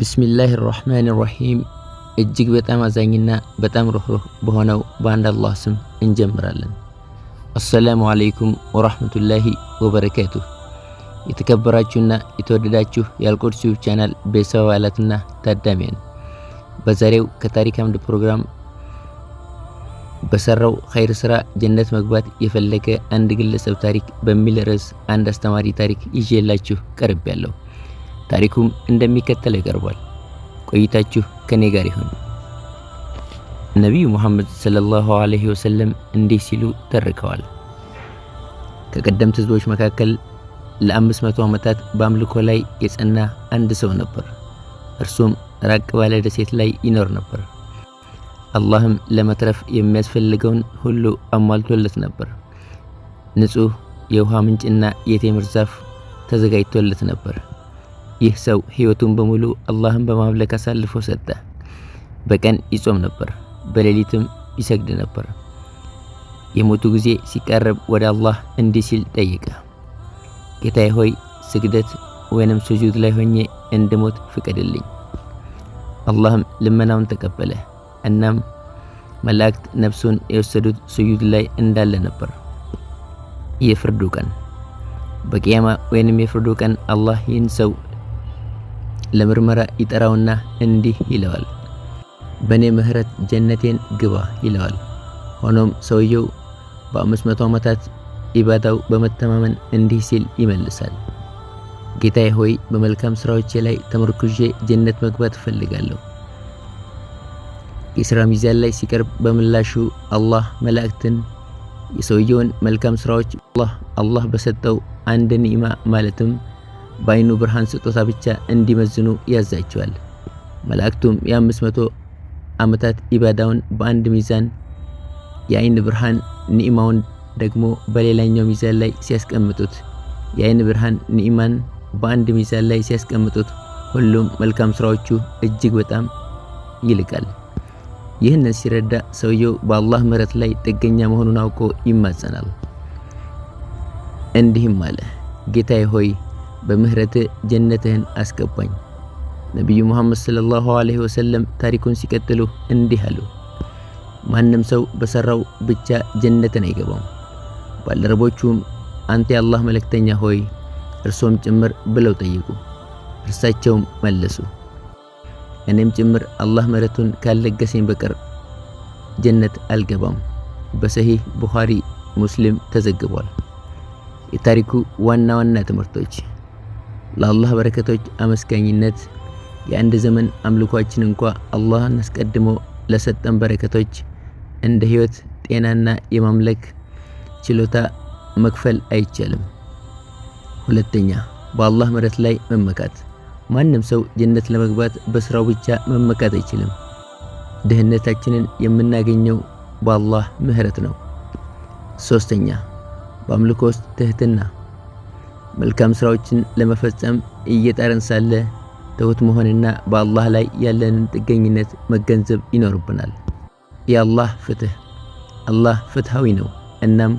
ቢስሚላህ ራህማን ራሂም እጅግ በጣም አዛኝና በጣም ሩህሩህ በሆነው በአንድ አላህ ስም እንጀምራለን። አሰላሙ አለይኩም ወራህመቱላሂ ወበረካቱሁ። የተከበራችሁና የተወደዳችሁ የአልቁድስ ዩቲዩብ ቻናል ቤተሰብ አባላትና ታዳሚያን በዛሬው ከታሪክ አምድ ፕሮግራም በሰራው ኸይር ስራ ጀነት መግባት የፈለገ አንድ ግለሰብ ታሪክ በሚል ርዕስ አንድ አስተማሪ ታሪክ ይዤላችሁ ቀርቤያለሁ። ታሪኩም እንደሚከተለው ይቀርቧል። ቆይታችሁ ከኔ ጋር ይሁን። ነቢዩ ሙሐመድ ሰለላሁ ዐለይሂ ወሰለም እንዲህ ሲሉ ተርከዋል። ከቀደምት ህዝቦች መካከል ለአምስት መቶ ዓመታት በአምልኮ ላይ የጸና አንድ ሰው ነበር። እርሱም ራቅ ባለ ደሴት ላይ ይኖር ነበር። አላህም ለመትረፍ የሚያስፈልገውን ሁሉ አሟልቶለት ነበር። ንጹህ የውሃ ምንጭና የቴምር ዛፍ ተዘጋጅቶለት ነበር። ይህ ሰው ህይወቱን በሙሉ አላህን በማምለክ አሳልፎ ሰጠ። በቀን ይጾም ነበር፣ በሌሊትም ይሰግድ ነበር። የሞቱ ጊዜ ሲቀርብ ወደ አላህ እንዲህ ሲል ጠየቀ። ጌታዬ ሆይ ስግደት ወይንም ስጁድ ላይ ሆኜ እንድሞት ፍቀድልኝ። አላህም ልመናውን ተቀበለ። እናም መላእክት ነፍሱን የወሰዱት ስጁድ ላይ እንዳለ ነበር። የፍርዱ ቀን በቅያማ ወይንም የፍርዱ ቀን አላህ ይህን ሰው ለምርመራ ይጠራውና እንዲህ ይለዋል፣ በእኔ ምህረት ጀነቴን ግባ ይለዋል። ሆኖም ሰውየው በአምስት መቶ ዓመታት ኢባዳው በመተማመን እንዲህ ሲል ይመልሳል፣ ጌታዬ ሆይ በመልካም ስራዎች ላይ ተመርኩዤ ጀነት መግባት እፈልጋለሁ። የስራ ሚዛን ላይ ሲቀርብ በምላሹ አላህ መላእክትን የሰውየውን መልካም ስራዎች አላህ በሰጠው አንድ ኒዕማ ማለትም በአይኑ ብርሃን ስጦታ ብቻ እንዲመዝኑ ያዛቸዋል። መላእክቱም የአምስት መቶ ዓመታት ኢባዳውን በአንድ ሚዛን፣ የአይን ብርሃን ኒዕማውን ደግሞ በሌላኛው ሚዛን ላይ ሲያስቀምጡት የአይን ብርሃን ኒዕማን በአንድ ሚዛን ላይ ሲያስቀምጡት ሁሉም መልካም ስራዎቹ እጅግ በጣም ይልቃል። ይህንን ሲረዳ ሰውየው በአላህ ምሕረት ላይ ጥገኛ መሆኑን አውቆ ይማጸናል። እንዲህም አለ፣ ጌታዬ ሆይ በምህረት ጀነትህን አስገባኝ። ነቢዩ ሙሐመድ ሰለላሁ ዐለይሂ ወሰለም ታሪኩን ሲቀጥሉ እንዲህ አሉ። ማንም ሰው በሰራው ብቻ ጀነትን አይገባም። ባልደረቦቹም አንተ የአላህ መልእክተኛ ሆይ እርሶም ጭምር ብለው ጠየቁ። እርሳቸውም መለሱ እኔም ጭምር አላህ ምህረቱን ካልለገሰኝ በቀር ጀነት አልገባም። በሰሂህ ቡኻሪ ሙስሊም ተዘግቧል። የታሪኩ ዋና ዋና ትምህርቶች ለአላህ በረከቶች አመስጋኝነት የአንድ ዘመን አምልኳችን እንኳ አላህን አስቀድሞ ለሰጠን በረከቶች እንደ ህይወት፣ ጤናና የማምለክ ችሎታ መክፈል አይቻልም። ሁለተኛ በአላህ ምሕረት ላይ መመካት። ማንም ሰው ጀነት ለመግባት በስራው ብቻ መመካት አይችልም። ድህነታችንን የምናገኘው በአላህ ምሕረት ነው። ሶስተኛ በአምልኮ ውስጥ ትህትና መልካም ስራዎችን ለመፈጸም እየጣረን ሳለ ትሁት መሆንና በአላህ ላይ ያለንን ጥገኝነት መገንዘብ ይኖርብናል። የአላህ ፍትህ፣ አላህ ፍትሃዊ ነው። እናም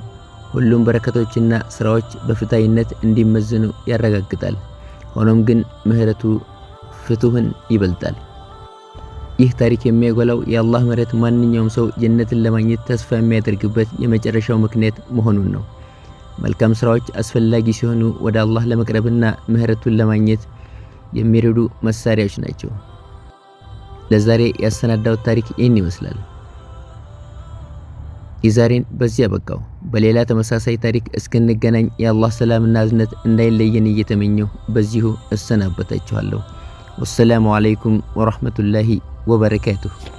ሁሉም በረከቶችና ስራዎች በፍትሃዊነት እንዲመዘኑ ያረጋግጣል። ሆኖም ግን ምህረቱ ፍትሁን ይበልጣል። ይህ ታሪክ የሚያጎላው የአላህ ምህረት ማንኛውም ሰው ጀነትን ለማግኘት ተስፋ የሚያደርግበት የመጨረሻው ምክንያት መሆኑን ነው። መልካም ስራዎች አስፈላጊ ሲሆኑ ወደ አላህ ለመቅረብና ምህረቱን ለማግኘት የሚረዱ መሳሪያዎች ናቸው። ለዛሬ ያሰናዳው ታሪክ ይህን ይመስላል። የዛሬን በዚህ በቃው። በሌላ ተመሳሳይ ታሪክ እስክንገናኝ የአላህ ሰላምና እዝነት እንዳይለየን እየተመኘሁ በዚሁ እሰናበታችኋለሁ። ወሰላሙ አለይኩም ወራህመቱላሂ ወበረካቱሁ።